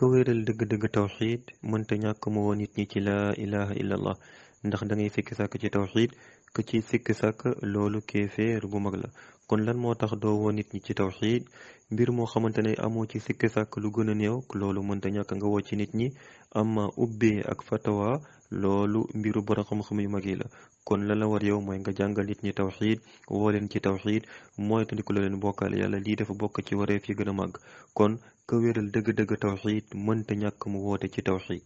ku wéeral dëgg-dëgg tawxiid mënta ñàkk mu woo nit ñi ci laa ilaha illa allah ndax da ngay sikki sàkk ci tawxiid que ci sikk sàkk loolu kéeféer bu mag la kon lan moo tax doo nit ñi ci tawxiid mbir moo xamante ne amoo ci sikki sàkk lu gën a néew loolu mënta ñàkk nga woo ci nit ñi ama ubbee ak fatawa loolu mbiru borom xam-xam yu mag yi la kon la la war yow mooy nga jàngal nit ñi tawxiid woo leen ci tawxiid mooy tandiku la leen bokkaale yàlla lii def bokk ci wareef yi gën a màgg kon ko wéral dëgg-dëgg tawxiid mënta ñàkk mu woote ci tawxiid